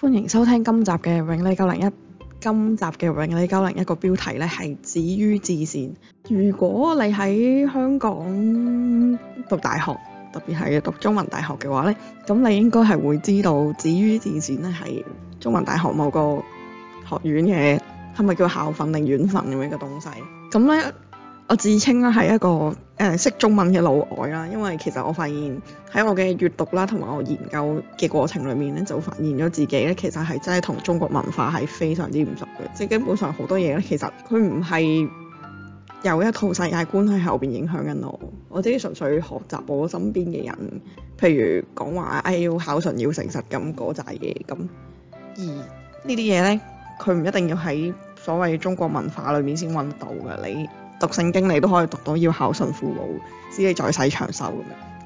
歡迎收聽今集嘅永利九零一，今集嘅永利九零一個標題呢係止於至善。如果你喺香港讀大學，特別係讀中文大學嘅話呢，咁你應該係會知道止於至善呢係中文大學某個學院嘅係咪叫校訓定院訓咁樣嘅東西？咁咧。我自稱啦係一個誒、呃、識中文嘅老外啦，因為其實我發現喺我嘅閱讀啦，同埋我研究嘅過程裏面咧，就發現咗自己咧，其實係真係同中國文化係非常之唔熟嘅，即係根本上好多嘢咧，其實佢唔係有一套世界觀喺後邊影響緊我，我只係純粹學習我身邊嘅人，譬如講話誒要孝順，要誠實咁嗰扎嘢咁，而呢啲嘢咧，佢唔一定要喺所謂中國文化裏面先揾到㗎，你讀聖經你都可以讀到要孝順父母，自己在世長壽。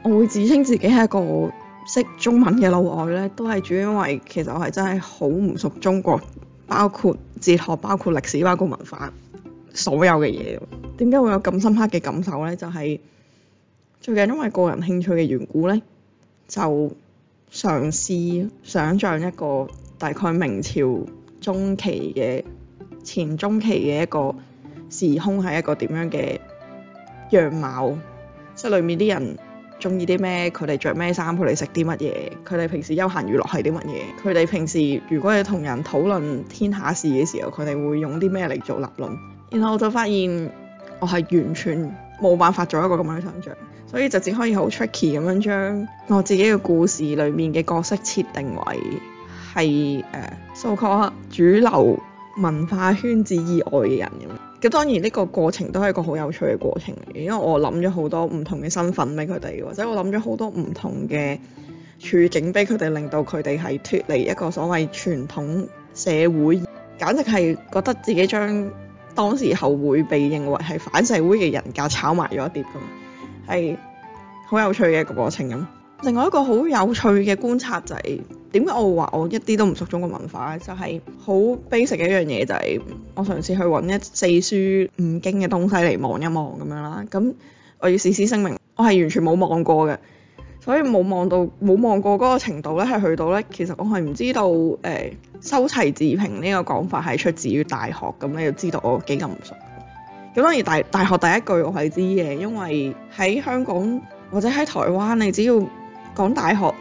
我會自稱自己係一個識中文嘅老外咧，都係主要因為其實我係真係好唔熟中國，包括哲學、包括歷史、包括文化所有嘅嘢。點解會有咁深刻嘅感受呢？就係最近因為個人興趣嘅緣故呢，就嘗試想像一個大概明朝中期嘅前中期嘅一個時空係一個點樣嘅樣貌，即係裏面啲人中意啲咩，佢哋着咩衫，佢哋食啲乜嘢，佢哋平時休閒娛樂係啲乜嘢，佢哋平時如果要同人討論天下事嘅時候，佢哋會用啲咩嚟做立論。然後我就發現我係完全冇辦法做一個咁樣嘅想像，所以就只可以好 tricky 咁樣將我自己嘅故事裏面嘅角色設定為係誒 so called 主流文化圈子以外嘅人咁。咁當然呢個過程都係一個好有趣嘅過程嚟，因為我諗咗好多唔同嘅身份俾佢哋，或者我諗咗好多唔同嘅處境俾佢哋，令到佢哋係脫離一個所謂傳統社會，簡直係覺得自己將當時候會被認為係反社會嘅人格炒埋咗一碟㗎嘛，係好有趣嘅一個過程咁。另外一個好有趣嘅觀察就係、是。點解我話我一啲都唔熟中國文化？就係好 basic 嘅一樣嘢，就係我上次去揾一四書五經嘅東西嚟望一望咁樣啦。咁我要事先聲明，我係完全冇望過嘅，所以冇望到冇望過嗰個程度呢，係去到呢。其實我係唔知道誒修、欸、齊治平呢個講法係出自於大學咁咧，你就知道我幾咁唔熟。咁當然大大學第一句我係知嘅，因為喺香港或者喺台灣，你只要講大學。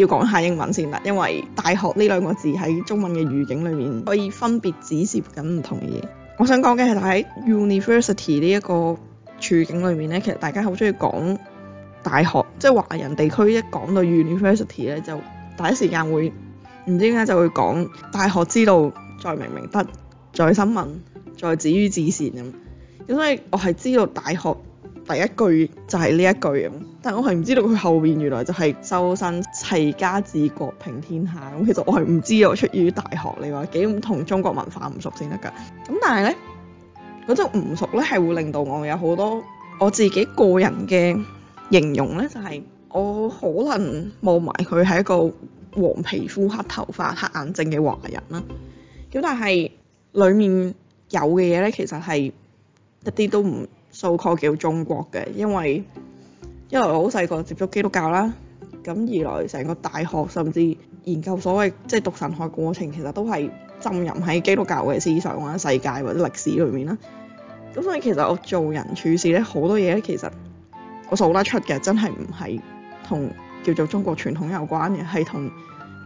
要講下英文先啦，因為大學呢兩個字喺中文嘅語境裏面可以分別指涉緊唔同嘅嘢。我想講嘅係喺 university 呢一個處境裏面咧，其實大家好中意講大學，即係華人地區一講到 university 咧，就第一時間會唔知點解就會講大學之道，在明明德，在親民，在止於至善咁。咁所以我係知道大學。第一句就係呢一句，但我係唔知道佢後面原來就係修身齊家治國平天下咁。其實我係唔知我出於大學，你話幾咁同中國文化唔熟先得㗎。咁但係呢，嗰種唔熟呢係會令到我有好多，我自己個人嘅形容呢就係我可能望埋佢係一個黃皮膚黑頭髮黑眼睛嘅華人啦。咁但係裡面有嘅嘢呢，其實係一啲都唔數個叫中國嘅，因為一來我好細個接觸基督教啦，咁二來成個大學甚至研究所謂即係讀神學過程，其實都係浸淫喺基督教嘅思想或者世界或者歷史裏面啦。咁所以其實我做人處事咧，好多嘢咧，其實我數得出嘅，真係唔係同叫做中國傳統有關嘅，係同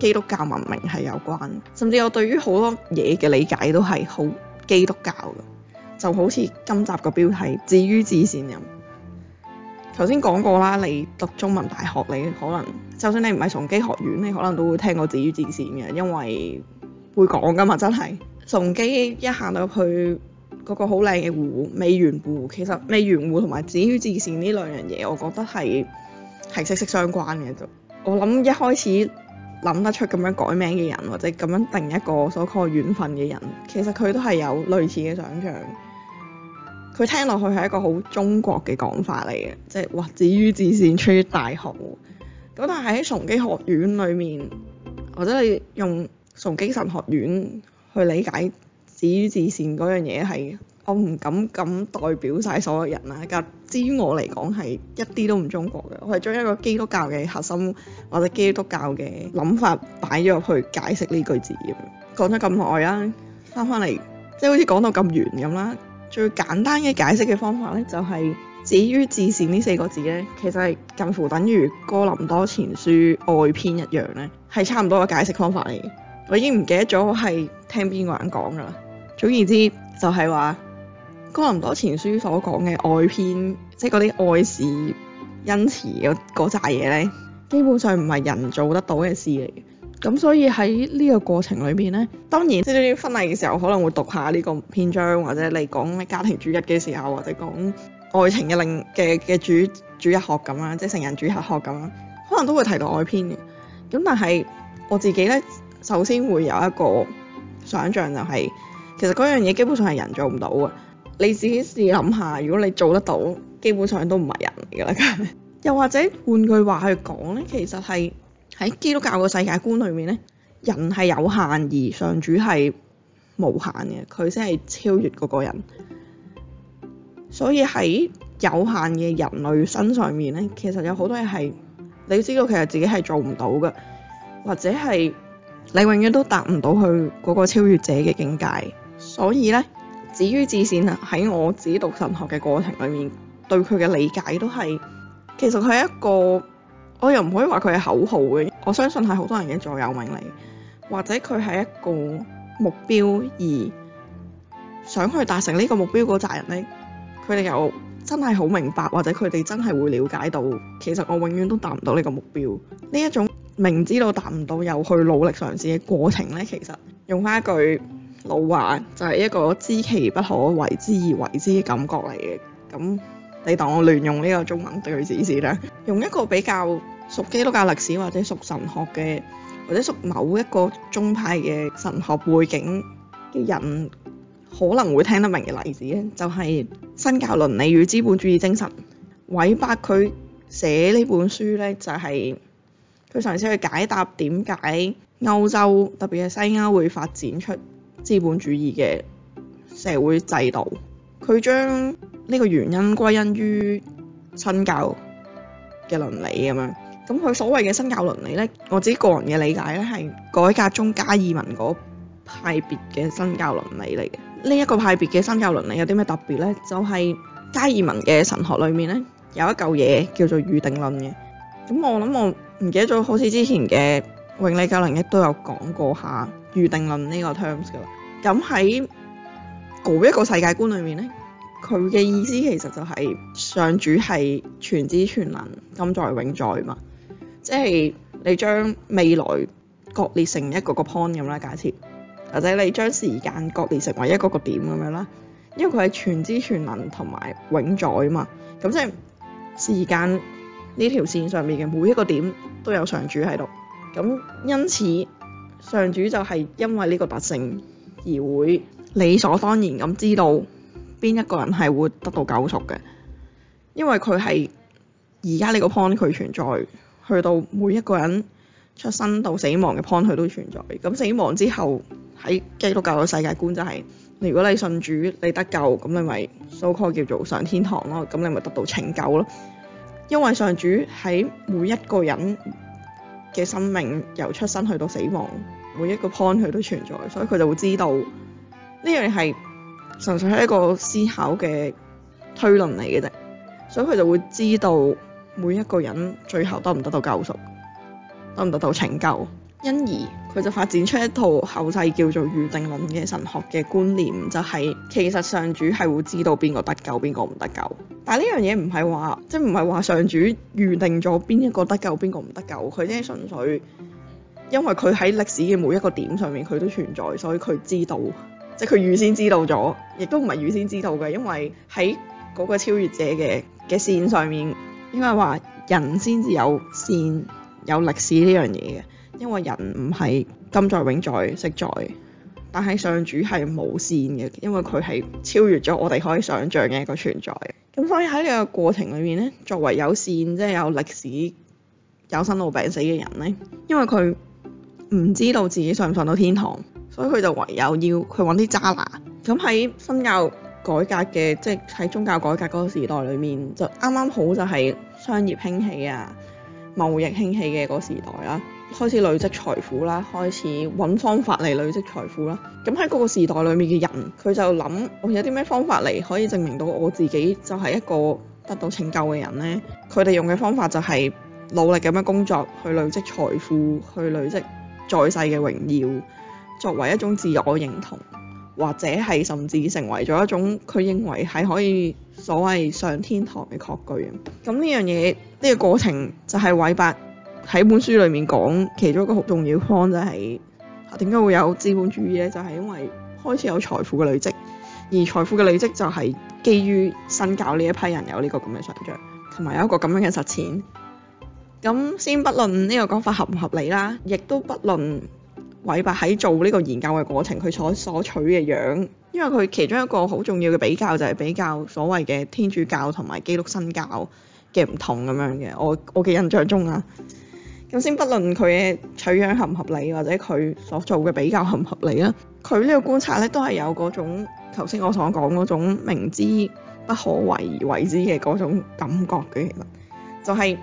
基督教文明係有關。甚至我對於好多嘢嘅理解都係好基督教嘅。就好似今集個標題《止於至善人》咁。頭先講過啦，你讀中文大學，你可能就算你唔係崇基學院，你可能都會聽過《止於至善》嘅，因為會講噶嘛，真係。崇基一行到去嗰、嗰個好靚嘅湖——未圓湖。其實未圓湖同埋《止於至善》呢兩樣嘢，我覺得係係息息相關嘅。就我諗一開始。諗得出咁樣改名嘅人，或者咁樣定一個所謂緣分嘅人，其實佢都係有類似嘅想像。佢聽落去係一個好中國嘅講法嚟嘅，即係哇，止於至善出於大學。咁但係喺崇基學院裏面，或者係用崇基神學院去理解止於至善嗰樣嘢係。我唔敢咁代表晒所有人啦。至於我嚟講係一啲都唔中國嘅，我係將一個基督教嘅核心或者基督教嘅諗法擺咗入去解釋呢句字。講咗咁耐啦，翻返嚟即係好似講到咁完咁圓咁啦。最簡單嘅解釋嘅方法呢、就係，就係至於至善呢四個字呢，其實係近乎等於哥林多前書愛篇一樣呢，係差唔多嘅解釋方法嚟嘅。我已經唔記得咗我係聽邊個人講㗎啦。總而言之，就係、是、話。哥林多前書所講嘅愛篇，即係嗰啲愛是、恩慈嗰嗰扎嘢咧，基本上唔係人做得到嘅事嚟。咁所以喺呢個過程裏邊咧，當然即呢啲婚禮嘅時候可能會讀下呢個篇章，或者你講咩家庭主日嘅時候，或者講愛情嘅令嘅嘅主主日學咁啦，即係成人主日學咁啦，可能都會提到愛篇嘅。咁但係我自己咧，首先會有一個想像就係、是、其實嗰樣嘢基本上係人做唔到嘅。你自己試諗下，如果你做得到，基本上都唔係人嚟㗎啦。 又或者換句話去講咧，其實係喺基督教嘅世界觀裏面咧，人係有限而上主係無限嘅，佢先係超越嗰個人。所以喺有限嘅人類身上面咧，其實有好多嘢係你知道，其實自己係做唔到嘅，或者係你永遠都達唔到去嗰個超越者嘅境界。所以咧。止於至善，喺我自己讀神學嘅過程裏面，對佢嘅理解都係其實佢係一個我又唔可以話佢係口號嘅，我相信係好多人嘅座右銘嚟，或者佢係一個目標而想去達成呢個目標嗰責任呢，佢哋又真係好明白，或者佢哋真係會了解到其實我永遠都達唔到呢個目標。呢一種明知道達唔到又去努力嘗試嘅過程呢，其實用翻一句。老話就係一個知其不可為之而為之嘅感覺嚟嘅。咁你當我亂用呢個中文對佢指示啦。 用一個比較熟基督教歷史或者熟神學嘅，或者熟某一個宗派嘅神學背景嘅人，可能會聽得明嘅例子咧，就係、是《新教倫理與資本主義精神》。韋伯佢寫呢本書咧，就係佢嘗試去解答點解歐洲特別係西歐會發展出。資本主義嘅社會制度，佢將呢個原因歸因於新教嘅倫理咁樣。咁佢所謂嘅新教倫理咧，我自己個人嘅理解咧係改革宗加爾文嗰派別嘅新教倫理嚟嘅。呢一個派別嘅新教倫理有啲咩特別呢？就係加爾文嘅神學裏面咧有一嚿嘢叫做預定論嘅。咁我諗我唔記得咗，好似之前嘅永利901亦都有講過下。預定論呢個 terms 㗎喇，咁喺嗰一個世界觀裏面咧，佢嘅意思其實就係上主係全知全能、今在永在嘛，即係你將未來割裂成一個個 point 咁啦，假設，或者你將時間割裂成為一個個點咁樣啦，因為佢係全知全能同埋永在啊嘛，咁即係時間呢條線上面嘅每一個點都有上主喺度，咁因此。上主就係因為呢個特性而會理所當然咁知道邊一個人係會得到救贖嘅，因為佢係而家呢個 point 佢存在，去到每一個人出生到死亡嘅 point 佢都存在。咁死亡之後喺基督教嘅世界觀就係，你如果你信主你得救，咁你咪 so called 叫做上天堂咯，咁你咪得到拯救咯。因為上主喺每一個人。嘅生命由出生去到死亡，每一個 point 佢都存在，所以佢就會知道呢樣係純粹係一個思考嘅推論嚟嘅啫，所以佢就會知道每一個人最後得唔得到救贖，得唔得到拯救。因而佢就發展出一套後世叫做預定論嘅神學嘅觀念，就係、是、其實上主係會知道邊個得救，邊個唔得救。但係呢樣嘢唔係話，即係唔係話上主預定咗邊一個得救，邊個唔得救。佢即係純粹因為佢喺歷史嘅每一個點上面佢都存在，所以佢知道，即係佢預先知道咗，亦都唔係預先知道嘅。因為喺嗰個超越者嘅嘅綫上面，應該話人先至有綫有歷史呢樣嘢嘅。因為人唔係金在永在息在，但係上主係無限嘅，因為佢係超越咗我哋可以想像嘅一個存在。咁所以喺呢個過程裏面呢，作為有線，即係有歷史、有生老病死嘅人呢，因為佢唔知道自己上唔上到天堂，所以佢就唯有要去揾啲渣拿。咁喺新教改革嘅，即係喺宗教改革嗰個時代裏面，就啱啱好就係商業興起啊、貿易興起嘅嗰時代啦。開始累積財富啦，開始揾方法嚟累積財富啦。咁喺嗰個時代裏面嘅人，佢就諗我有啲咩方法嚟可以證明到我自己就係一個得到拯救嘅人呢？佢哋用嘅方法就係努力咁樣工作，去累積財富，去累積在世嘅榮耀，作為一種自我認同，或者係甚至成為咗一種佢認為係可以所謂上天堂嘅確據啊。咁呢樣嘢呢、呢個過程就係韋伯。喺本書裏面講，其中一個好重要方就係點解會有資本主義呢？就係、是、因為開始有財富嘅累積，而財富嘅累積就係基於新教呢一批人有呢個咁嘅想像，同埋有一個咁樣嘅實踐。咁先不論呢個講法合唔合理啦，亦都不論韋伯喺做呢個研究嘅過程，佢所所取嘅樣，因為佢其中一個好重要嘅比較就係比較所謂嘅天主教同埋基督新教嘅唔同咁樣嘅。我我嘅印象中啊～首先，不論佢嘅取樣合唔合理，或者佢所做嘅比較合唔合理啦，佢呢個觀察咧都係有嗰種頭先我所講嗰種明知不可為而為之嘅嗰種感覺嘅。其實就係、是、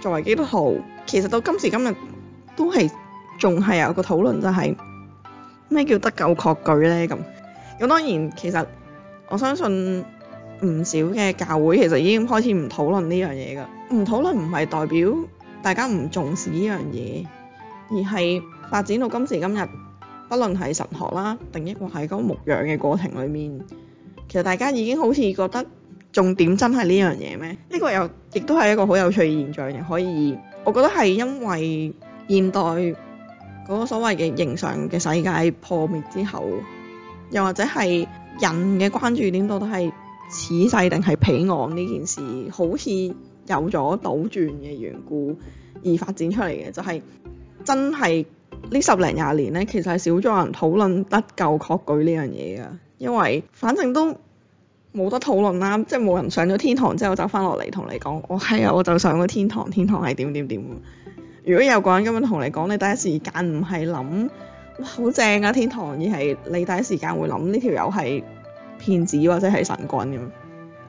作為基督徒，其實到今時今日都係仲係有個討論、就是，就係咩叫得救確據咧咁。咁當然，其實我相信唔少嘅教會其實已經開始唔討論呢樣嘢㗎，唔討論唔係代表。大家唔重視呢樣嘢，而係發展到今時今日，不論係神學啦，定抑或係嗰個牧養嘅過程裡面，其實大家已經好似覺得重點真係呢樣嘢咩？呢、呢個又亦都係一個好有趣嘅現象，可以我覺得係因為現代嗰個所謂嘅形上嘅世界破滅之後，又或者係人嘅關注點到底係此世定係彼岸呢件事，好似，有咗倒轉嘅緣故而發展出嚟嘅，就係、是、真係呢十零廿年呢，其實係少咗人討論得救確據呢樣嘢㗎，因為反正都冇得討論啦，即係冇人上咗天堂之後就翻落嚟同你講，我、哦、係啊，我就上咗天堂，天堂係點點點。如果有個人今日同你講，你第一時間唔係諗，好正啊天堂，而係你第一時間會諗呢條友係騙子或者係神棍咁。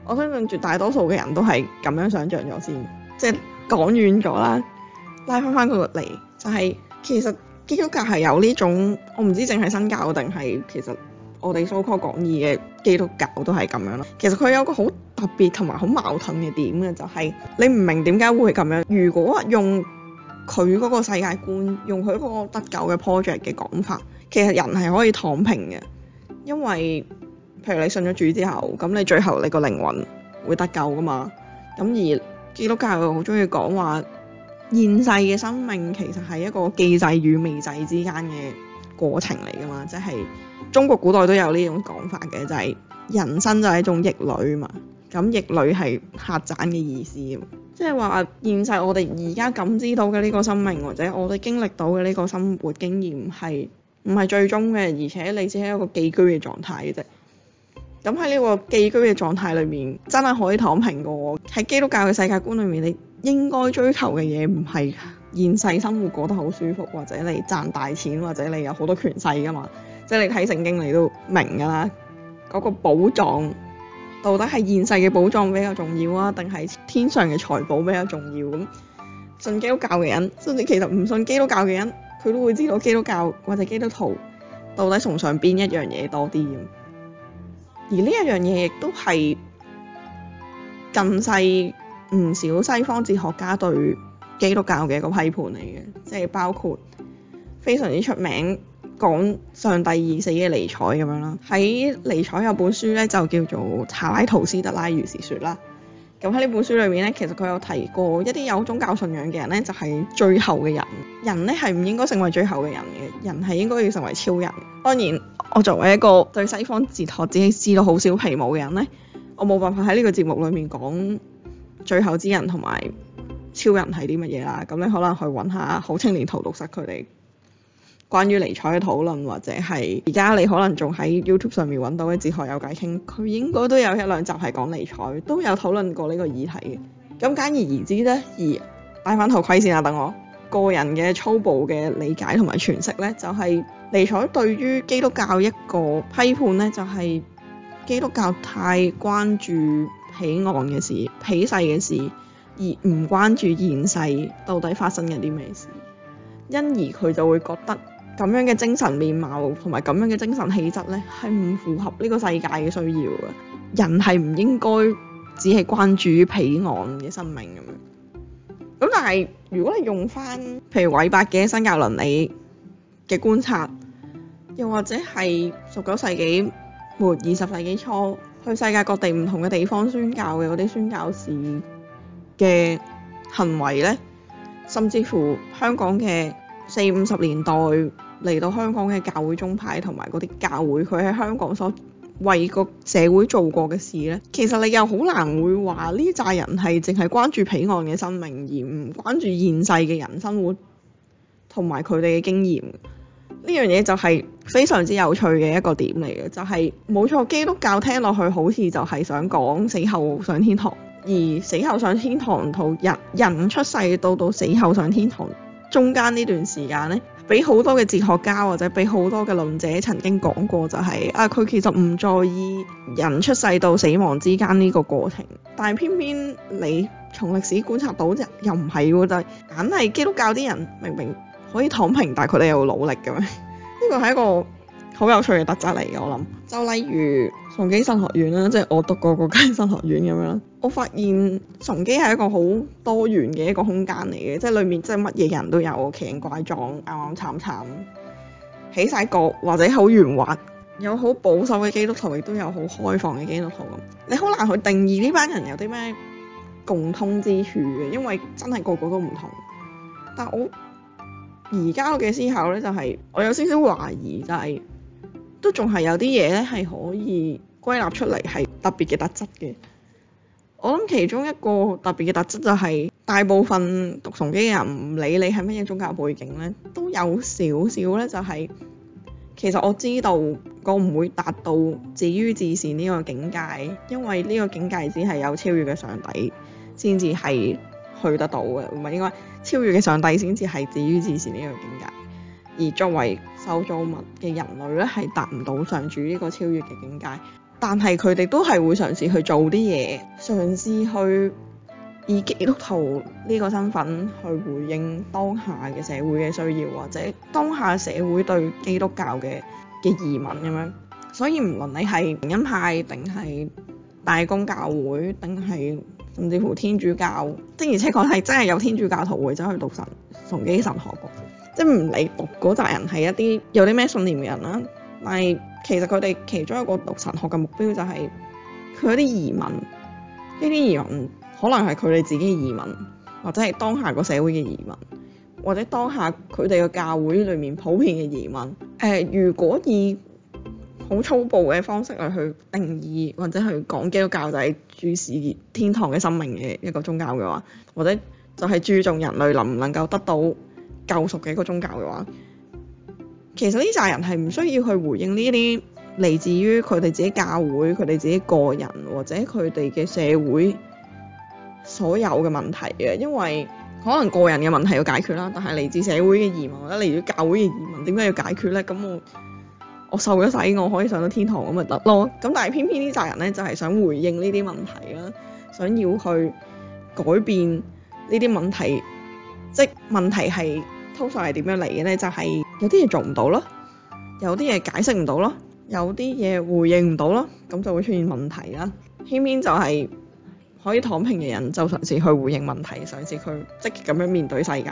我相信絕大多數嘅人都係咁樣想象咗先。即係講遠咗啦，拉翻翻佢落嚟，就係、是、其實基督教係有呢種，我唔知淨係新教定係其實我哋蘇科講義嘅基督教都係咁樣啦。其實佢有個好特別同埋好矛盾嘅點嘅，就係、是、你唔明點解會咁樣，如果用佢嗰個世界觀，用佢嗰個得救嘅 project 嘅講法，其實人係可以躺平嘅，因為。譬如你信咗主之後，咁你最後你個靈魂會得救噶嘛？咁而基督教又好中意講話現世嘅生命其實係一個既濟與未濟之間嘅過程嚟噶嘛？即係中國古代都有呢種講法嘅，就係人生就係一種逆旅嘛。咁逆旅係客棧嘅意思，即係話現世我哋而家感知到嘅呢個生命或者我哋經歷到嘅呢個生活經驗係唔係最終嘅，而且你只係一個寄居嘅狀態嘅啫。咁喺呢個寄居嘅狀態裏面，真係可以躺平噶喎。喺基督教嘅世界觀裏面，你應該追求嘅嘢唔係現世生活過得好舒服，或者你賺大錢，或者你有好多權勢噶嘛。即係你睇聖經你都明㗎啦，嗰個寶藏到底係現世嘅寶藏比較重要啊，定係天上嘅財寶比較重要？咁信基督教嘅人，甚至其實唔信基督教嘅人，佢都會知道基督教或者基督徒到底崇尚邊一樣嘢多啲。而呢一樣嘢亦都係近世唔少西方哲學家對基督教嘅一個批判嚟嘅，即係包括非常之出名講上帝已死嘅尼采咁樣啦。喺尼采有本書咧就叫做《查拉圖斯特拉如是說》啦。咁喺呢本書裏面咧，其實佢有提過一啲有宗教信仰嘅人咧，就係最後嘅人。人咧係唔應該成為最後嘅人嘅，人係應該要成為超人。當然。我作為一個對西方哲學自己知道好少皮毛嘅人呢，我冇辦法喺呢個節目裏面講最後之人同埋超人係啲乜嘢啦。咁你可能去揾下好青年荼毒室佢哋關於尼采嘅討論，或者係而家你可能仲喺 YouTube 上面揾到嘅哲學有偈傾，佢應該都有一兩集係講尼采，都有討論過呢個議題嘅。咁簡而言之呢，而戴返頭盔先啊，等我個人嘅粗暴嘅理解同埋詮釋呢，就係尼采對於基督教一個批判呢，就係基督教太關注彼岸嘅事、彼世嘅事，而唔關注現世到底發生咗啲咩事，因而佢就會覺得咁樣嘅精神面貌同埋咁樣嘅精神氣質呢，係唔符合呢個世界嘅需要嘅。人係唔應該只係關注於彼岸嘅生命咁樣。咁但係，如果你用翻，譬如韋伯嘅新教倫理嘅觀察，又或者係十九世紀末二十世紀初去世界各地唔同嘅地方宣教嘅嗰啲宣教士嘅行為咧，甚至乎香港嘅四五十年代嚟到香港嘅教會宗派同埋嗰啲教會，佢喺香港所為個社會做過嘅事呢，其實你又好難會話呢扎人係淨係關注彼岸嘅生命，而唔關注現世嘅人生活同埋佢哋嘅經驗。呢樣嘢就係非常之有趣嘅一個點嚟嘅，就係冇錯，基督教聽落去好似就係想講死後上天堂，而死後上天堂同人人出世到到死後上天堂中間呢段時間呢。俾好多嘅哲學家或者俾好多嘅論者曾經講過、就是，就係啊，佢其實唔在意人出世到死亡之間呢個過程，但係偏偏你從歷史觀察到，又唔係喎，就係梗係基督教啲人明明可以躺平，但係佢哋又努力嘅咩？呢個係一個好有趣嘅特質嚟嘅，我諗就例如崇基神學院啦，即、就、係、是、我讀過個神學院咁樣啦。我發現崇基係一個好多元嘅一個空間嚟嘅，即係裏面真係乜嘢人都有奇人，奇形怪狀，啱啱慘慘，起晒角或者好圓滑，有好保守嘅基督徒，亦都有好開放嘅基督徒咁，你好難去定義呢班人有啲咩共通之處嘅，因為真係個個都唔同。但我而家嘅思考咧、就係，就係我有少少懷疑、就係，就係都仲係有啲嘢咧係可以歸納出嚟係特別嘅特質嘅。我諗其中一個特別嘅特質就係，大部分讀崇基嘅人唔理你係乜嘢宗教背景咧，都有少少咧就係、是，其實我知道我唔會達到止於至善呢個境界，因為呢個境界只係有超越嘅上帝先至係去得到嘅，唔係應該超越嘅上帝先至係止於至善呢個境界，而作為受造物嘅人類咧係達唔到上主呢個超越嘅境界。但係佢哋都係會嘗試去做啲嘢，嘗試去以基督徒呢個身份去回應當下嘅社會嘅需要，或者當下社會對基督教嘅嘅疑問咁樣。所以唔論你係福音派定係大公教會，定係甚至乎天主教，即而且確係真係有天主教徒會走去讀神，崇基神學嘅，即唔理讀嗰扎人係一啲有啲咩信念嘅人啦，但係。其實佢哋其中一個讀神學嘅目標就係佢有啲疑問，呢啲疑問可能係佢哋自己嘅疑問，或者係當下個社會嘅疑問，或者當下佢哋個教會裡面普遍嘅疑問。誒、呃，如果以好粗暴嘅方式嚟去定義或者去講基督教就係注視天堂嘅生命嘅一個宗教嘅話，或者就係注重人類能唔能夠得到救贖嘅一個宗教嘅話。其實呢扎人係唔需要去回應呢啲嚟自於佢哋自己教會、佢哋自己個人或者佢哋嘅社會所有嘅問題嘅，因為可能個人嘅問題要解決啦，但係嚟自社會嘅疑問，或者嚟自教會嘅疑問，點解要解決咧？咁我我受咗洗，我可以上到天堂咁咪得咯。咁但係偏偏呢扎人咧，就係、是、想回應呢啲問題啦，想要去改變呢啲問題，即係問題係通常係點樣嚟嘅咧？就係、是。有啲嘢做唔到咯，有啲嘢解釋唔到咯，有啲嘢回應唔到咯，咁就會出現問題啦。偏偏就係可以躺平嘅人，就嘗試去回應問題，嘗試去積極咁樣面對世界。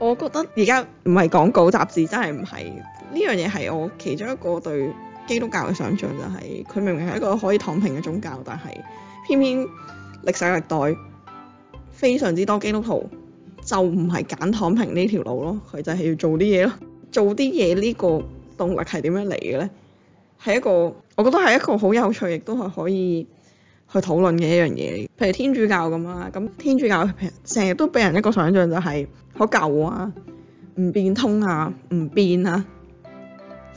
我覺得而家唔係講稿雜誌，真係唔係。呢樣嘢係我其中一個對基督教嘅想像，就係佢明明係一個可以躺平嘅宗教，但係偏偏歷世歷代非常之多基督徒就唔係揀躺平呢條路咯，佢就係要做啲嘢咯。做啲嘢呢個動力係點樣嚟嘅呢？係一個，我覺得係一個好有趣，亦都係可以去討論嘅一樣嘢。譬如天主教咁啦，咁天主教成日都俾人一個想像就係好舊啊、唔變通啊、唔變啊，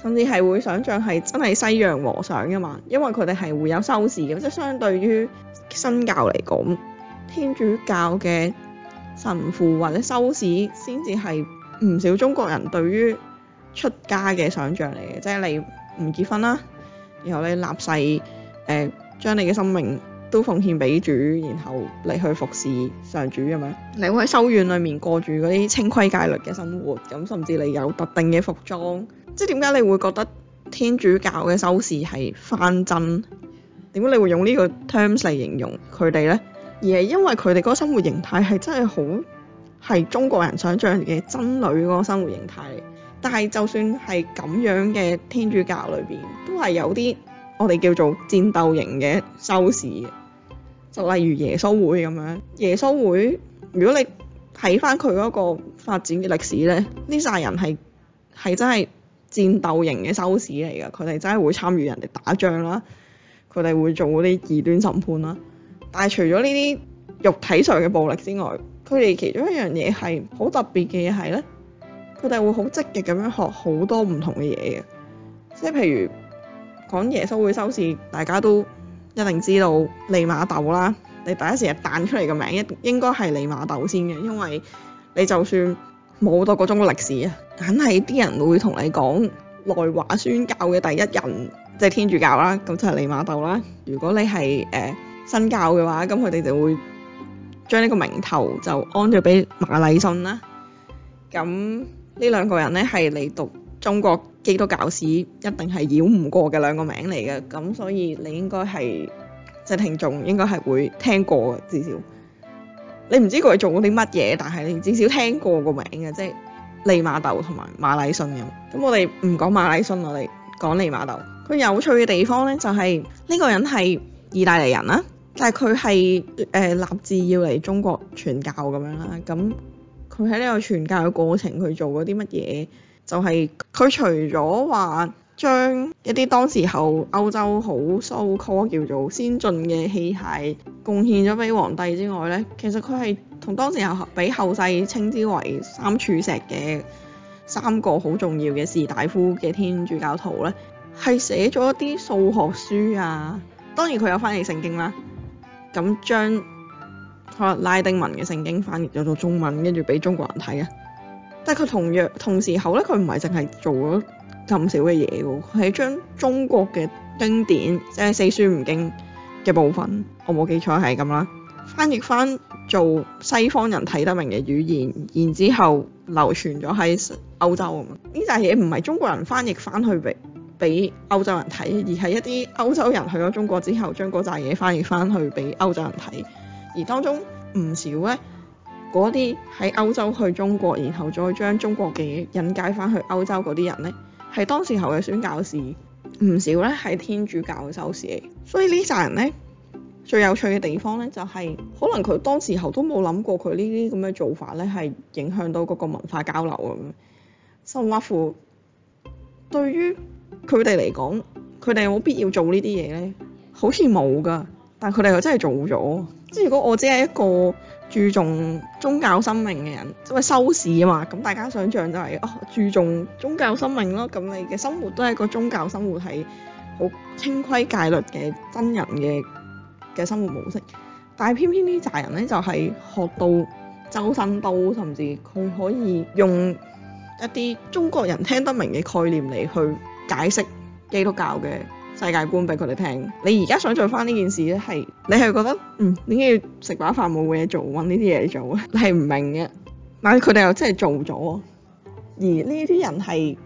甚至係會想像係真係西洋和尚噶嘛，因為佢哋係會有修士嘅，即係相對於新教嚟講，天主教嘅神父或者修士先至係。唔少中國人對於出家嘅想像嚟嘅，即係你唔結婚啦，然後你立誓誒將你嘅生命都奉獻俾主，然後你去服侍上主咁樣。你會喺修院裏面過住嗰啲清規戒律嘅生活，咁甚至你有特定嘅服裝。即係點解你會覺得天主教嘅修士係翻真？點解你會用呢個 terms 嚟形容佢哋呢？而係因為佢哋嗰個生活形態係真係好。係中國人想像嘅僧侶嗰個生活形態，但係就算係咁樣嘅天主教裏邊，都係有啲我哋叫做戰鬥型嘅修士，就例如耶穌會咁樣。耶穌會如果你睇返佢嗰個發展嘅歷史咧，呢世人係係真係戰鬥型嘅修士嚟㗎，佢哋真係會參與人哋打仗啦，佢哋會做嗰啲異端審判啦。但係除咗呢啲肉體上嘅暴力之外，佢哋其中一樣嘢係好特別嘅嘢係咧，佢哋會好積極咁樣學好多唔同嘅嘢嘅。即係譬如講耶穌會修士，大家都一定知道利瑪竇啦，你第一時係彈出嚟嘅名一應該係利瑪竇先嘅，因為你就算冇讀過中國歷史啊，梗係啲人會同你講內華宣教嘅第一人即係、就是、天主教啦，咁就係利瑪竇啦。如果你係誒、呃、新教嘅話，咁佢哋就會。將呢個名頭就安咗俾馬禮遜啦。咁呢兩個人咧係嚟讀中國基督教史一定係繞唔過嘅兩個名嚟嘅。咁所以你應該係即係聽眾應該係會聽過嘅，至少你唔知佢做過啲乜嘢，但係你至少聽過個名嘅，即係利瑪竇同埋馬禮遜咁。咁我哋唔講馬禮遜啦，我哋講利瑪竇。佢有趣嘅地方咧就係呢個人係意大利人啦。但係佢係誒立志要嚟中國傳教咁樣啦，咁佢喺呢個傳教嘅過程，佢做嗰啲乜嘢就係、是、佢除咗話將一啲當時候歐洲好 so called 叫做先進嘅器械貢獻咗俾皇帝之外咧，其實佢係同當時候俾後世稱之為三柱石嘅三個好重要嘅士大夫嘅天主教徒咧，係寫咗啲數學書啊，當然佢有翻譯聖經啦。咁將拉丁文嘅聖經翻譯咗做中文，跟住俾中國人睇啊！但係佢同若同時候咧，佢唔係淨係做咗咁少嘅嘢，佢係將中國嘅經典即係四書五經嘅部分，我冇記錯係咁啦，翻譯翻做西方人睇得明嘅語言，然之後流傳咗喺歐洲啊嘛！呢隻嘢唔係中國人翻譯翻去嘅。俾歐洲人睇，而係一啲歐洲人去咗中國之後，將嗰扎嘢翻譯翻去俾歐洲人睇。而當中唔少咧，嗰啲喺歐洲去中國，然後再將中國嘅嘢引介翻去歐洲嗰啲人咧，係當時候嘅宣教士，唔少咧係天主教嘅修士嚟。所以呢扎人咧，最有趣嘅地方咧，就係可能佢當時候都冇諗過佢呢啲咁嘅做法咧，係影響到嗰個文化交流噉，甚或乎對於。佢哋嚟講，佢哋有冇必要做呢啲嘢呢？好似冇㗎，但佢哋又真係做咗。即係如果我只係一個注重宗教生命嘅人，即、就、係、是、修士啊嘛，咁大家想象就係、是、哦，注重宗教生命咯，咁你嘅生活都係個宗教生活，係好清規戒律嘅真人嘅嘅生活模式。但係偏偏呢紮人呢，就係、是、學到周身刀，甚至佢可以用一啲中國人聽得明嘅概念嚟去，解釋基督教嘅世界觀俾佢哋聽。你而家想做翻呢件事咧，係你係覺得嗯點解要食飽飯冇嘢做，揾呢啲嘢做啊？你係唔明嘅。但係佢哋又真係做咗。而呢啲人係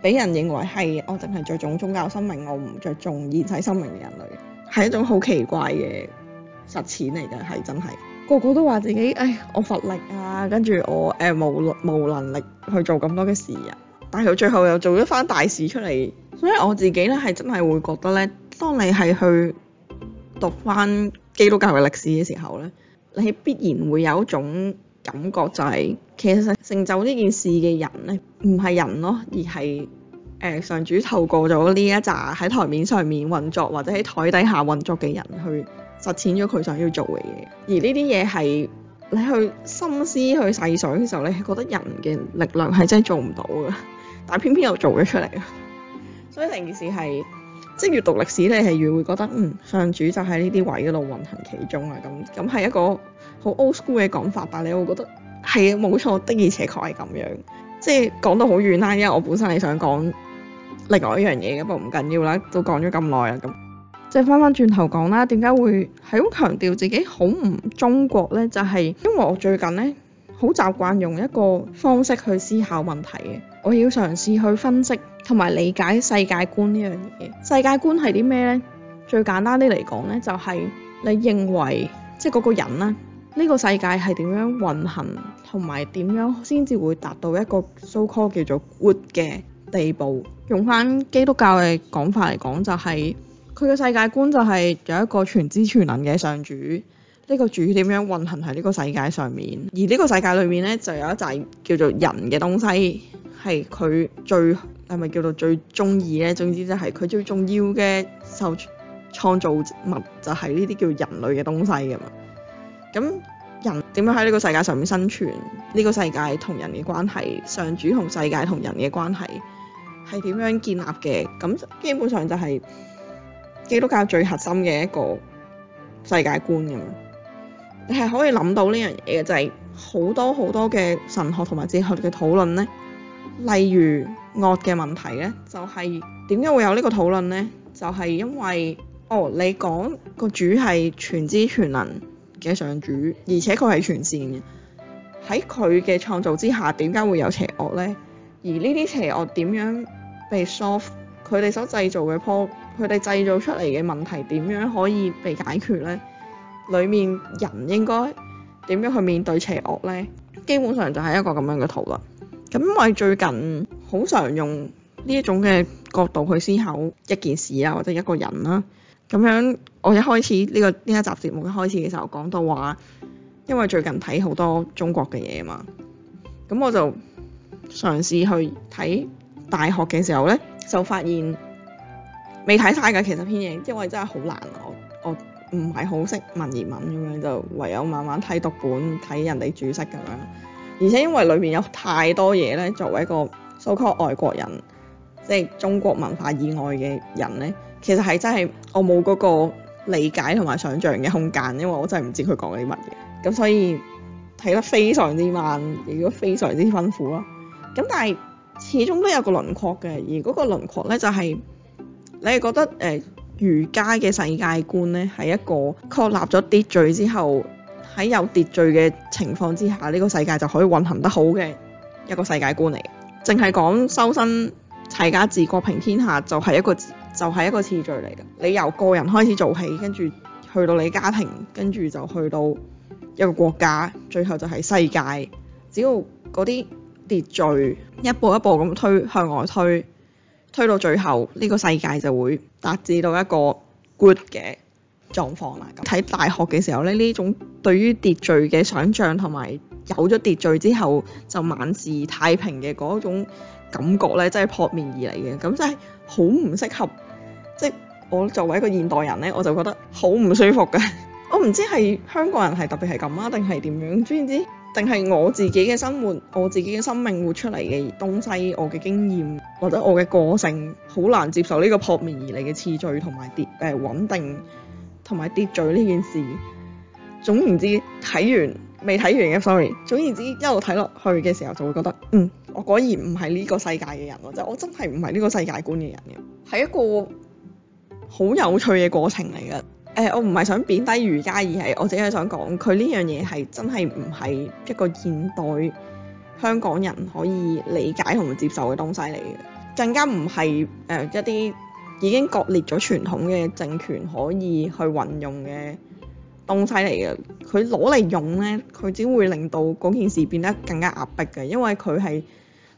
俾人認為係我淨係着重宗教生命，我唔着重現世生命嘅人類，係一種好奇怪嘅實踐嚟嘅。係真係。個個都話自己唉、哎，我乏力啊，跟住我誒冇、呃、無，無能力去做咁多嘅事啊。但係佢最後又做咗番大事出嚟，所以我自己咧係真係會覺得咧，當你係去讀翻基督教嘅歷史嘅時候咧，你係必然會有一種感覺，就係，就係其實成就呢件事嘅人咧，唔係人咯，而係誒、呃、上主透過咗呢一紮喺台面上面運作或者喺台底下運作嘅人去實踐咗佢想要做嘅嘢。而呢啲嘢係你去深思去細想嘅時候，你係覺得人嘅力量係真係做唔到嘅。但偏偏又做咗出嚟， 所以成件事係即係閱讀歷史，你係越會覺得嗯，上主就喺呢啲位嗰度運行其中啊。咁咁係一個好 old school 嘅講法，但係你會覺得係冇錯，的而且確係咁樣。即係講到好遠啦，因為我本身係想講另外一樣嘢嘅，不過唔緊要啦，都講咗咁耐啦。咁即係翻翻轉頭講啦，點解會係好強調自己好唔中國咧？就係、是、因為我最近咧好習慣用一個方式去思考問題嘅。我要嘗試去分析同埋理解世界觀呢樣嘢。世界觀係啲咩呢？最簡單啲嚟講呢，就係你認為即係嗰個人呢，呢個世界係點樣運行，同埋點樣先至會達到一個 so called 叫做 good 嘅地步。用翻基督教嘅講法嚟講，就係佢嘅世界觀就係有一個全知全能嘅上主。呢個主點樣運行喺呢個世界上面？而呢個世界裏面咧，就有一扎叫做人嘅東西，係佢最係咪叫做最中意咧？總之就係佢最重要嘅受創造物，就係呢啲叫人類嘅東西㗎嘛。咁人點樣喺呢個世界上面生存？呢、這個世界同人嘅關係，上主同世界同人嘅關係係點樣建立嘅？咁基本上就係基督教最核心嘅一個世界觀㗎。你係可以諗到呢樣嘢就係、是、好多好多嘅神學同埋哲學嘅討論咧。例如惡嘅問題咧、就是，就係點解會有呢個討論咧？就係、是、因為哦，你講個主係全知全能嘅上主，而且佢係全善嘅。喺佢嘅創造之下，點解會有邪惡咧？而呢啲邪惡點樣被疏？佢哋所製造嘅破，佢哋製造出嚟嘅問題點樣可以被解決咧？裏面人應該點樣去面對邪惡呢？基本上就係一個咁樣嘅圖。咁我最近好常用呢一種嘅角度去思考一件事啊，或者一個人啦、啊。咁樣我一開始呢、呢個呢一集節目一開始嘅時候講到話，因為最近睇好多中國嘅嘢嘛，咁我就嘗試去睇大學嘅時候呢，就發現未睇晒嘅其實片嘢，因為真係好難。我我。唔係好識文言文咁樣，就唯有慢慢睇讀本，睇人哋注釋咁樣。而且因為裏面有太多嘢咧，作為一個 so-called 外國人，即係中國文化以外嘅人咧，其實係真係我冇嗰個理解同埋想像嘅空間，因為我真係唔知佢講啲乜嘢。咁所以睇得非常之慢，亦都非常之辛苦咯。咁但係始終都有個輪廓嘅，而嗰個輪廓咧就係、係、你係覺得誒。呃儒家嘅世界觀呢，係一個確立咗秩序之後，喺有秩序嘅情況之下，呢個世界就可以運行得好嘅一個世界觀嚟。淨係講修身齊家治國平天下，就係一個就係一個次序嚟嘅。你由個人開始做起，跟住去到你家庭，跟住就去到一個國家，最後就係世界。只要嗰啲秩序一步一步咁推向外推。推到最後，呢個世界就會達至到一個 good 嘅狀況啦。睇大學嘅時候咧，呢種對於秩序嘅想像同埋有咗秩序之後就萬事太平嘅嗰種感覺咧，真係撲面而嚟嘅。咁真係好唔適合，即係我作為一個現代人咧，我就覺得好唔舒服嘅。 我唔知係香港人係特別係咁啊，定係點樣？知唔知？定係我自己嘅生活，我自己嘅生命活出嚟嘅東西，我嘅經驗或者我嘅個性，好難接受呢個撲面而嚟嘅次序同埋跌誒穩定同埋秩序呢件事。總言之，睇完未睇完嘅 sorry，總言之一路睇落去嘅時候就會覺得，嗯，我果然唔係呢個世界嘅人咯，即係我真係唔係呢個世界觀嘅人嘅，係一個好有趣嘅過程嚟嘅。誒、呃，我唔係想貶低儒家，而係我只係想講，佢呢樣嘢係真係唔係一個現代香港人可以理解同埋接受嘅東西嚟嘅，更加唔係誒一啲已經割裂咗傳統嘅政權可以去運用嘅東西嚟嘅。佢攞嚟用咧，佢只會令到嗰件事變得更加壓迫嘅，因為佢係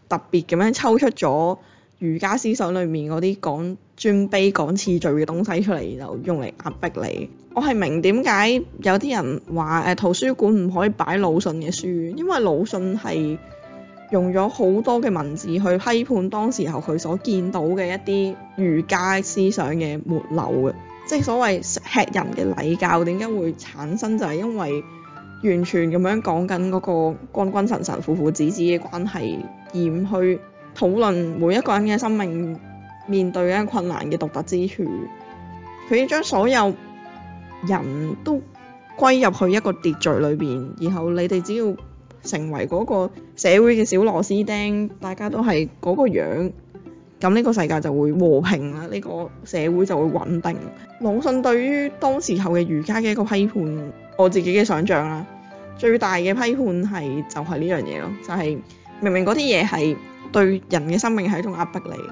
特別咁樣抽出咗。儒家思想裏面嗰啲講尊卑、講次序嘅東西出嚟，就用嚟壓迫你。我係明點解有啲人話誒、呃、圖書館唔可以擺魯迅嘅書，因為魯迅係用咗好多嘅文字去批判當時候佢所見到嘅一啲儒家思想嘅末流嘅，即係所謂吃人嘅禮教點解會產生，就係、是、因為完全咁樣講緊嗰個君君臣臣富富止止、父父子子嘅關係染虛。討論每一個人嘅生命面對嘅困難嘅獨特之處，佢要將所有人都歸入去一個秩序裏邊，然後你哋只要成為嗰個社會嘅小螺絲釘，大家都係嗰個樣，咁呢個世界就會和平啦，呢個社會就會穩定。魯迅對於當時候嘅儒家嘅一個批判，我自己嘅想像啦，最大嘅批判係就係呢樣嘢咯，就係。明明嗰啲嘢係對人嘅生命係一種壓迫嚟嘅，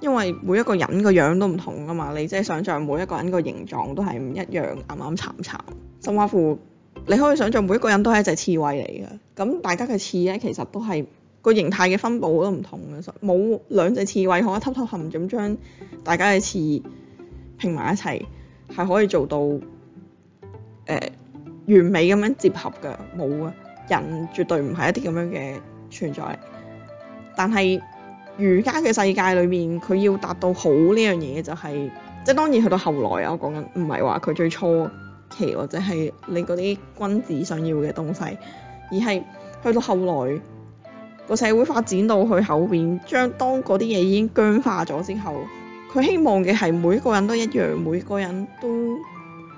因為每一個人個樣都唔同噶嘛，你即係想象每一個人個形狀都係唔一樣，啱啱慘慘，甚或乎你可以想象每一個人都係一隻刺猬嚟嘅，咁大家嘅刺咧其實都係個形態嘅分布都唔同嘅。冇兩隻刺猬，可以偷偷含咁將大家嘅刺拼埋一齊，係可以做到誒、呃、完美咁樣結合嘅。冇啊！雅人絕對唔係一啲咁樣嘅。存在，但係儒家嘅世界裏面，佢要達到好呢樣嘢就係、是、即係當然去到後來，啊，我講緊唔係話佢最初期或者係你嗰啲君子想要嘅東西，而係去到後來個社會發展到去後邊將當嗰啲嘢已經僵化咗之後，佢希望嘅係每個人都一樣，每個人都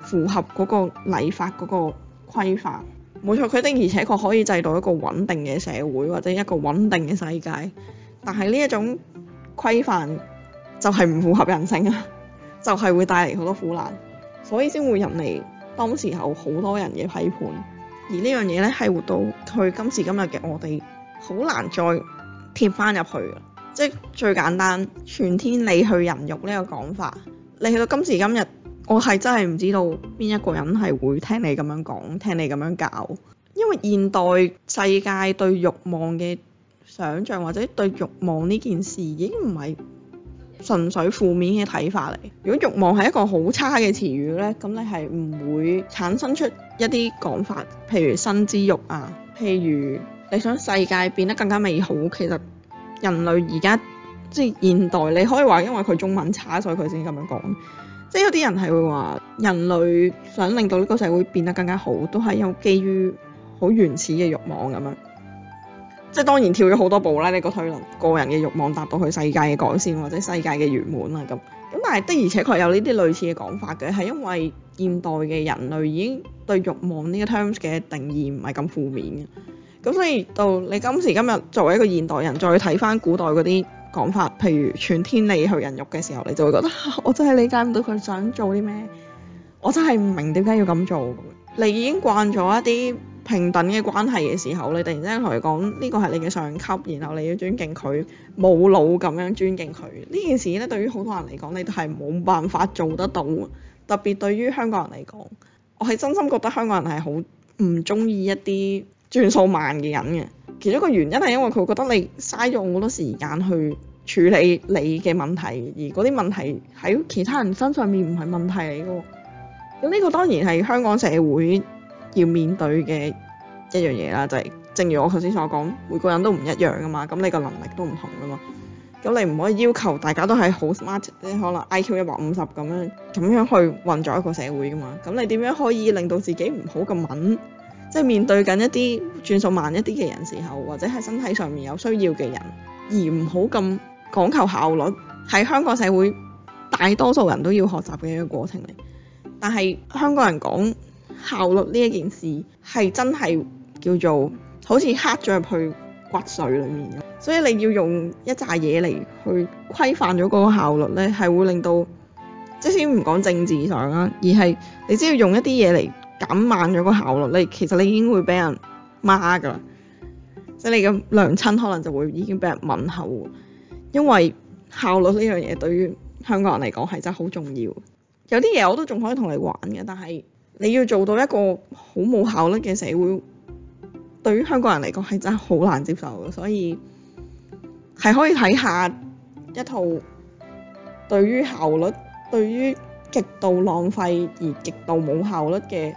符合嗰個禮法嗰個規範。冇錯，佢的而且確可以製造一個穩定嘅社會或者一個穩定嘅世界，但係呢一種規範就係唔符合人性啊， 就係會帶嚟好多苦難，所以先會入嚟，當時候好多人嘅批判。而呢樣嘢咧係活到佢今時今日嘅我哋，好難再貼翻入去。即係最簡單，存天理去人欲呢個講法，你去到今時今日。我係真係唔知道邊一個人係會聽你咁樣講，聽你咁樣教。因為現代世界對欲望嘅想像或者對欲望呢件事已經唔係純粹負面嘅睇法嚟。如果欲望係一個好差嘅詞語呢，咁你係唔會產生出一啲講法，譬如身之欲啊，譬如你想世界變得更加美好，其實人類而家即係現代，你可以話因為佢中文差，所以佢先咁樣講。即係有啲人係會話人類想令到呢個社會變得更加好，都係有基於好原始嘅欲望咁樣。即係當然跳咗好多步啦，你個推論個人嘅欲望達到佢世界嘅改善或者世界嘅圓滿啦咁。咁但係的而且確有呢啲類似嘅講法嘅，係因為現代嘅人類已經對欲望呢個 terms 嘅定義唔係咁負面嘅。咁所以到你今時今日作為一個現代人，再睇返古代嗰啲講法，譬如全天理去人欲嘅時候，你就會覺得我真係理解唔到佢想做啲咩，我真係唔明點解要咁做。你已經慣咗一啲平等嘅關係嘅時候，你突然之間同佢講呢個係你嘅上級，然後你要尊敬佢，冇腦咁樣尊敬佢，呢件事咧對於好多人嚟講，你都係冇辦法做得到。特別對於香港人嚟講，我係真心覺得香港人係好唔中意一啲轉數慢嘅人嘅。其中一個原因係因為佢覺得你嘥咗好多時間去。處理你嘅問題，而嗰啲問題喺其他人身上面唔係問題嚟嘅。咁呢個當然係香港社會要面對嘅一樣嘢啦，就係正如我頭先所講，每個人都唔一樣噶嘛，咁你個能力都唔同噶嘛。咁你唔可以要求大家都係好 smart 咧，可能 IQ 一百五十咁樣咁樣去運作一個社會噶嘛。咁你點樣可以令到自己唔好咁敏，即係面對緊一啲轉數慢一啲嘅人時候，或者係身體上面有需要嘅人，而唔好咁。講求效率係香港社會大多數人都要學習嘅一個過程嚟。但係香港人講效率呢一件事係真係叫做好似刻咗入去骨髓裡面咁。所以你要用一紮嘢嚟去規範咗嗰個效率咧，係會令到即使唔講政治上啦，而係你只要用一啲嘢嚟減慢咗個效率咧，其實你已經會俾人罵㗎啦。即係你嘅娘親可能就會已經俾人問候。因為效率呢樣嘢對於香港人嚟講係真係好重要。有啲嘢我都仲可以同你玩嘅，但係你要做到一個好冇效率嘅社會，對於香港人嚟講係真係好難接受嘅。所以係可以睇下一套對於效率、對於極度浪費而極度冇效率嘅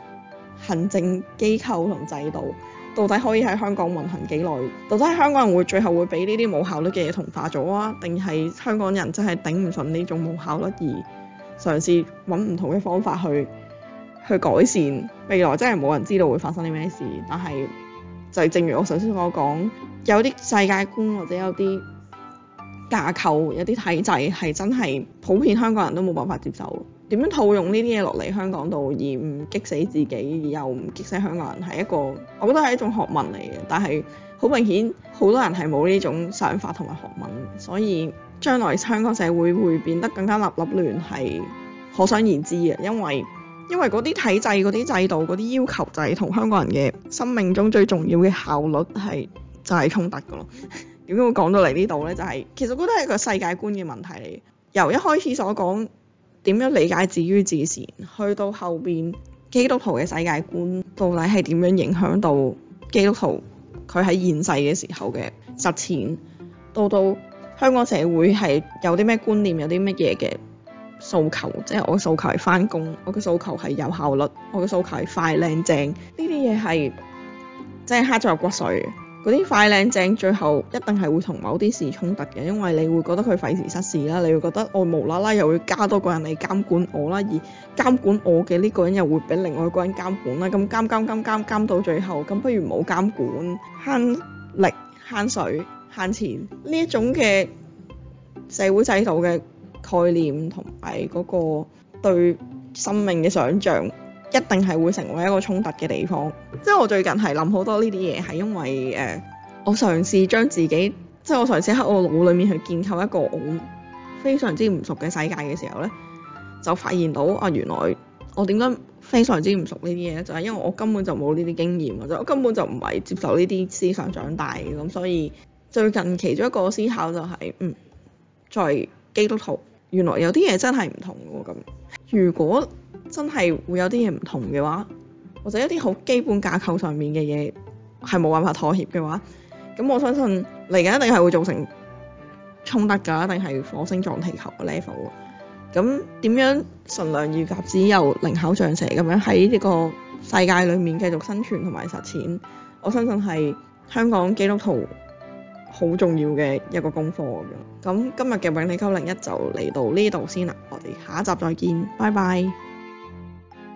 行政機構同制度，到底可以喺香港運行幾耐？到底香港人會最後會俾呢啲冇效率嘅嘢同化咗啊？定係香港人真係頂唔順呢種冇效率而嘗試揾唔同嘅方法去去改善未來？真係冇人知道會發生啲咩事。但係就係正如我頭先我講，有啲世界觀或者有啲架構，有啲體制係真係普遍香港人都冇辦法接受。點樣套用呢啲嘢落嚟香港度而唔激死自己，而又唔激死香港人係一個，我覺得係一種學問嚟嘅。但係好明顯，好多人係冇呢種想法同埋學問，所以將來香港社會會會變得更加立立亂係可想而知嘅。因為因為嗰啲體制、嗰啲制度、嗰啲要求就係同香港人嘅生命中最重要嘅效率係就係、是、衝突㗎咯。點解會講到嚟呢度呢？就係、是、其實覺得係個世界觀嘅問題嚟。由一開始所講點樣理解止於至善，去到後邊基督徒嘅世界觀到底係點樣影響到基督徒佢喺現世嘅時候嘅實踐，到到香港社會係有啲咩觀念，有啲乜嘢嘅訴求？即、就、係、是、我嘅訴求係翻工，我嘅訴求係有效率，我嘅訴求係快靚正。呢啲嘢係即係黑咗入骨髓。嗰啲快靚正，最後一定係會同某啲事衝突嘅，因為你會覺得佢費事失事啦，你會覺得我無啦啦又會加多個人嚟監管我啦，而監管我嘅呢個人又會俾另外一個人監管啦，咁監監，監監監監監到最後，咁不如冇監管，慳力慳水慳錢呢一種嘅社會制度嘅概念同埋嗰個對生命嘅想像。一定係會成為一個衝突嘅地方。即係我最近係諗好多呢啲嘢，係因為誒、呃，我嘗試將自己，即係我嘗試喺我腦裡面去建構一個我非常之唔熟嘅世界嘅時候咧，就發現到啊，原來我點解非常之唔熟呢啲嘢就係、是、因為我根本就冇呢啲經驗啊，就是、我根本就唔係接受呢啲思想長大咁，所以最近其中一個思考就係、是，嗯，作為基督徒，原來有啲嘢真係唔同喎咁。如果真係會有啲嘢唔同嘅話，或者一啲好基本架構上面嘅嘢係冇辦法妥協嘅話，咁我相信嚟緊一定係會造成衝突㗎，一定係火星撞地球嘅 level。咁點樣純良如鴿子又靈巧像蛇咁樣喺呢個世界裡面繼續生存同埋實踐，我相信係香港基督徒好重要嘅一個功課。咁今日嘅永利901就嚟到呢度先啦，我哋下一集再見，拜拜。